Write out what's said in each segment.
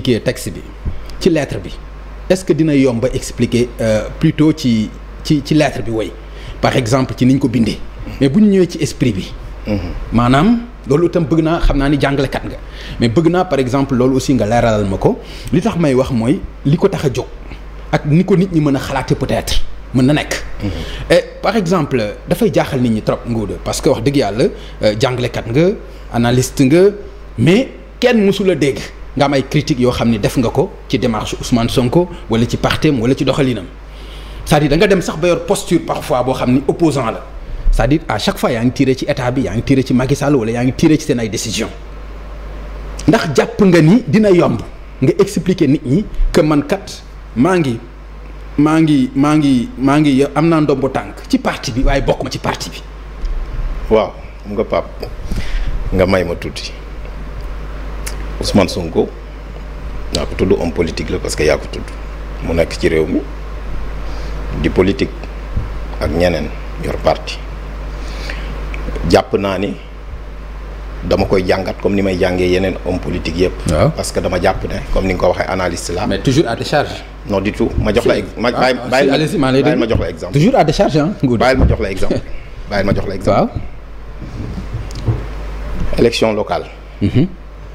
appliquer texte bi ci lettre bi est-ce que dina yomb ba expliquer euh, plutôt ci ci ci lettre bi way par exemple ci niñ ko bindé mais buñ ñëwé ci esprit bi manam mhm. loolu tam bëgg na xamna ni ni kat nga mais bëgg na par exemple loolu aussi nga leeralal ma ko li tax may wax moy li ko tax a ak niko nit ñi mëna xalaté peut-être mëna nek nekk. Mhm. et par exemple da fay jaxal nit ñi trop Ngouda parce que wax dëgg yàlla euh, kat nga analyste nga mais kenn mësula dégg. nga am ay critique yo xamni def nga ko ci démarche Ousmane Sonko wala ci partem wala ci doxalinam c'est-à-dire da nga dem sax ba yor posture parfois bo xamni opposant la c'est-à-dire à chaque fois yang ngi tiré ci état bi yaa ngi tiré ci Macky Sall wala tiré ci sen ay décision ndax japp nga ni dina yomb nga expliquer nit ñi que man kat mangi, mangi mangi mangi amna ndombo tank ci parti bi waye ci parti bi waaw xam nga pap nga may ma tuti Ousmane Sonko naa ko tudd homme politique la parce que yaa ko tudd mu nekk ci réew mi di politique ak ñeneen yor parti jàpp naa ni dama koy jàngat comme ni may jàngee yeneen homme politique yëpp. parce que dama jàpp ne comme ni nga ko waxee analyste la. mais toujours à décharge. non du tout ma jox la. ma ah, bàyyi ma jox la exemple. toujours à décharge ma jox la exemple bàyyi ma jox la exemple. waaw. locale. Mm-hmm.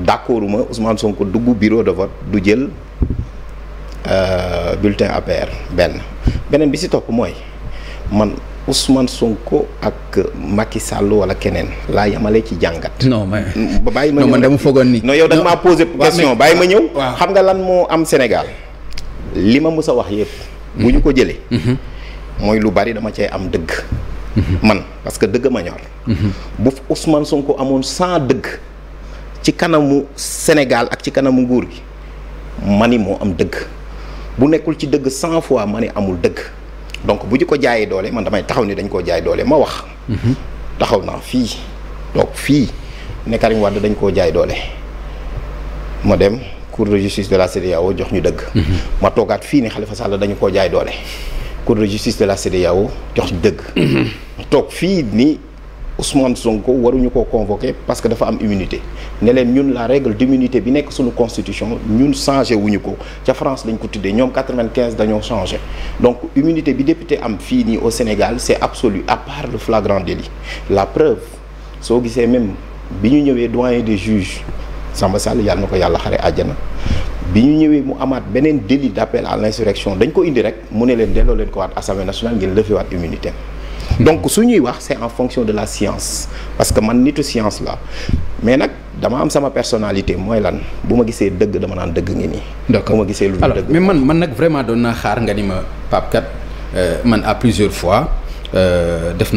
d'accorduma Ousmane Sonko duggu bureau de vote du jël euh, bulletin APR ben benen bi ci top moy man Ousmane Sonko ak Macky Sall wala kenen la yamalé ci jangat non mais bayima non man dama fogon ni. non yow da nga question bayima ma xam nga lan mo am Sénégal Lima ma mus wax yépp bu mhm. ko jëlee. moy mhm. lu bari dama cey am deug mhm. man parce que deug ma ñor. bu Ousmane Sonko amone 100 deug ci kanamu Sénégal ak ci kanamu nguur gi ma ni moo am dëgg bu nekkul ci dëgg cent fois ma ni amul dëgg donc bu ñu ko jaayee doole man damay taxaw ni dañ koo jaay doole ma wax. Mhm. taxaw naa fii donc fii ne Karim dañ koo jaay doole ma dem cour de justice de la CEDEAO jox ñu dëgg. Mhm. ma toogaat fii ne Khalifa Sall dañu koo jaay doole cour de justice de la CEDEAO jox ñu dëgg. Mhm. toog fii ni Ousmane Sonko waruñu koo convoqué parce que dafa am immunité ne ñun la règle d'immunité bi nek suñu constitution ñun changé wuñu ko En France lañ ko En ñom 95 dañoo changé donc immunité bi député am au Sénégal c'est absolu à part le flagrant délit la preuve c'est gisee même biñu ñëwé doyen des juges Samba Sall yàlla nako yalla xaré aljana biñu ñëwé mu amaat benen délit d'appel à l'insurrection dañ ko indi rek mu ne leen leen ko waat assemblée nationale ngeen lëfewaat immunité donc c'est en fonction de la science parce que man nitu science là mais je dama am personnalité Moi, là, je d'accord mais man man vraiment xaar ma euh, à plusieurs fois euh, def